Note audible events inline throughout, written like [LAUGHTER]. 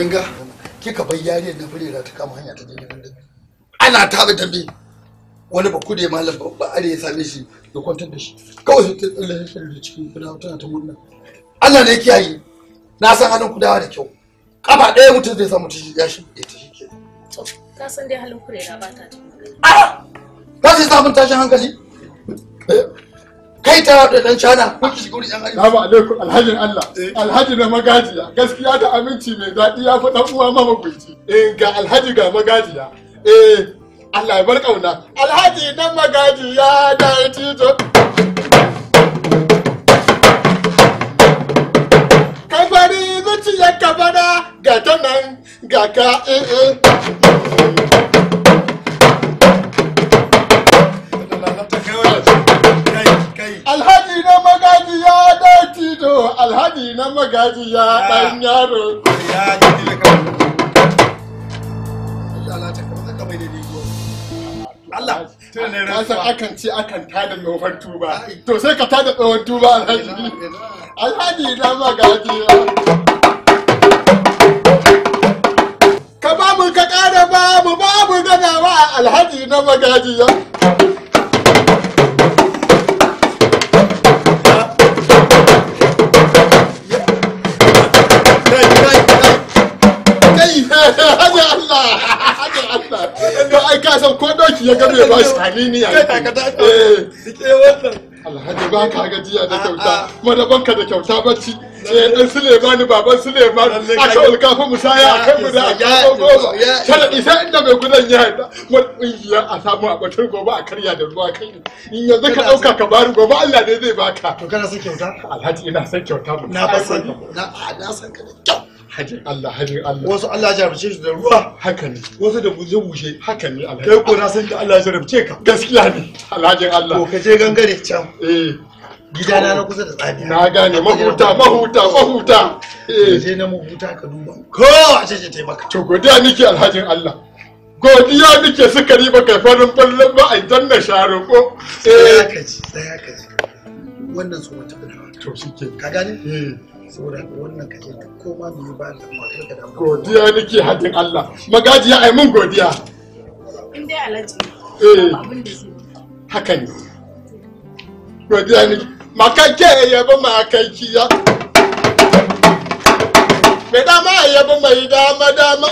kin ga kika bai yariyar na furera ta kama hanya ta je gidan da ana ta bi tambi wani baku da malam babba are ya same shi ya kwantar da shi kawai ta tsalle shi da cikin kudawa tana ta murna Allah ne kiyaye na san halin kudawa da kyau kafa ɗaya mutum zai samu tashi ya shi ya tashi ke ka san dai halin ba ta ta a ba sai samun tashin hankali eh? kai ta da dan shana ko ki shiga wurin yan arewa salamu alaikum alhaji Allah alhaji na magajiya gaskiya da aminci mai daɗi ya fi dan uwa ma magulci eh ga alhaji ga magajiya eh Allah ya bar kauna alhaji dan magajiya da tito kabari zuciyar kabara ga ta nan ga ka eh eh hadi na magaji ya dan yaro Allah akan ce akan tada tsohon tuba to sai ka tada tsohon tuba alhaji alhaji na magaji ka ba mu ka ba mu ba mu alhaji na magaji ya hakan Allah ai ka san ko ya gabe ba shi eh. alhaji da kyauta madaban eh, dan baban musaya da inda mai gudan ya haɗa a samu a batar gobe a karya da ruwa kai in yanzu ka dauka ka bari gobe Allah ne zai baka to kyauta alhaji ina son kyauta na hajin Allah hajin Allah wasu Allah ya jarabce su da ruwa haka ne wasu da buje buje haka ne alhaji kai ko na san da Allah jarabce ka gaskiya ne alhajin Allah ko ka je gangare can eh gidana na kusa da tsani na gane mahuta mahuta mahuta eh je na mahuta ka duba ko a ce ce taimaka to godiya nake alhajin Allah godiya nake sukari ba kai farin fallon ba a janna sharo ko eh ka ji sai ka ji wannan so mata to shi ke ka gane eh saboda wannan ka je duk koma mu yi ba da godiya nake hadin Allah ai mun godiya in dai alaji eh haka ne godiya makake yabo dama yabo mai dama dama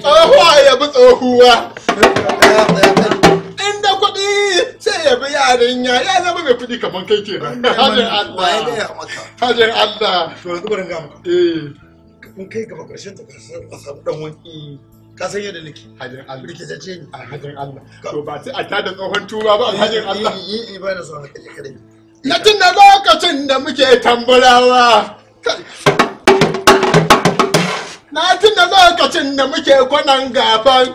tsohuwa yabo tsohuwa sai ya bi ya zama mai kuɗi kamar kai hajjar Allah hajjar Allah to yanzu bari ga maka eh kun kai gaba ta samu dan wani eh. ka san yadda nake Allah ni Allah to ba tsohon tuba ba Allah eh, eh, ba na son je na tun da lokacin da muke tamburawa na tun da lokacin da muke kwanan gafan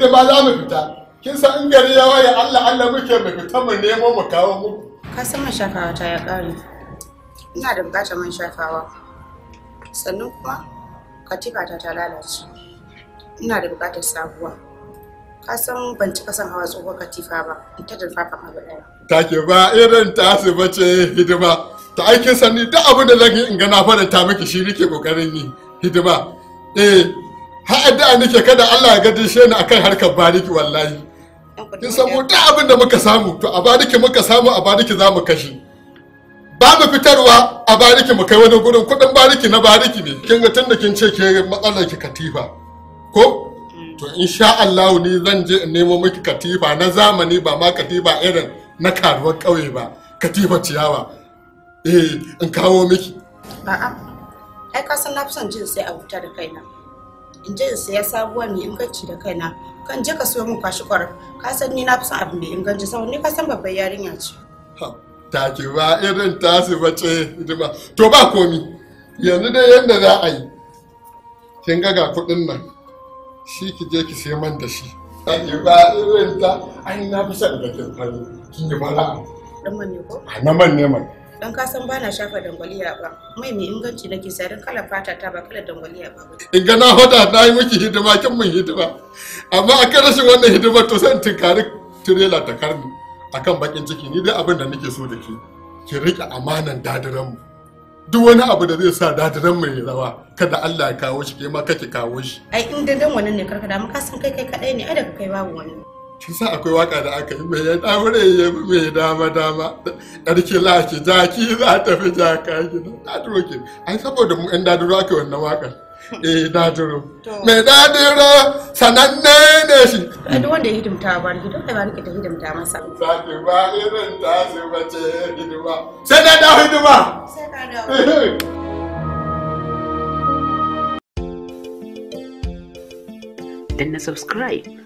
da ba za mu fita kin san in gari ya waye Allah Allah muke mu fita mu nemo mu kawo muku ka san man shafawa ta ya kare ina da bukata man shafawa sannan kuma katifa ta ta lalace ina da bukatar sabuwa ka san ban cika son hawa tsohuwar katifa ba in ta ka abu daya ke ba irin ta su bace hidima ta aikin sani duk abin da zan yi in ga na ta miki shi nake kokarin yi hidima eh har addu'a nake kada Allah ya shi ni akan harkar bariki wallahi kin samu duk abin da muka samu to a bariki muka samu a bariki za mu kashe ba mu fitarwa a bariki mu kai wani gurin kudin bariki na bariki ne kin ga tunda kin ce ke matsalar ki katifa ko to insha Allah ni zan je in nemo miki katifa na zamani ba ma katifa irin na karuwar kauye ba katifa ciyawa eh in kawo miki ba'a ai ka san na jin sai a wuta da kaina in je in saya sabuwa mai inganci da kaina kan je ka so min kwashi kwarar ka san ni na fi son abu mai inganci saboda ni ka san babbar yarinya ce ta ki ba irin su bace ba to ba komi yanzu dai yadda za a yi kin ga ga kuɗin nan shi ki je ki sai man da shi ta ki ba irin ta an na fi son da kin fari kin yi mara a nan man ne ko a nan man ne man dan ka san bana shafa dangwaliya ba mai mai inganci nake sai don kala fata ta ba kala dangwaliya ba in ga na hoda na yi miki hidima kin mun hidima amma a kan rashin wannan hidimar to san tinkari tirela ta karni akan bakin ciki ni dai abin da nake so da ke ki rike amanan dadiran mu duk wani abu da zai sa dadiran ya rawa kada Allah ya kawo shi kai ma kake kawo shi ai in dan wannan ne karkada mu ka san kai kai kadai ne ai daga kai babu wani kin sa akwai waka da aka yi mai ya daure ya mai dama dama ɗarki laki jaki za ta fi jaka Na daduro ke ai saboda mu yan daduro aka wannan wakan [LAUGHS] eh daduro mai daduro sananne ne shi duk wanda ya hidimta ba ni hidimta ba ni ta hidimta masa sake ba irin ta su bace hidima sai na dawo hidima sai ka dawo eh, eh. danna subscribe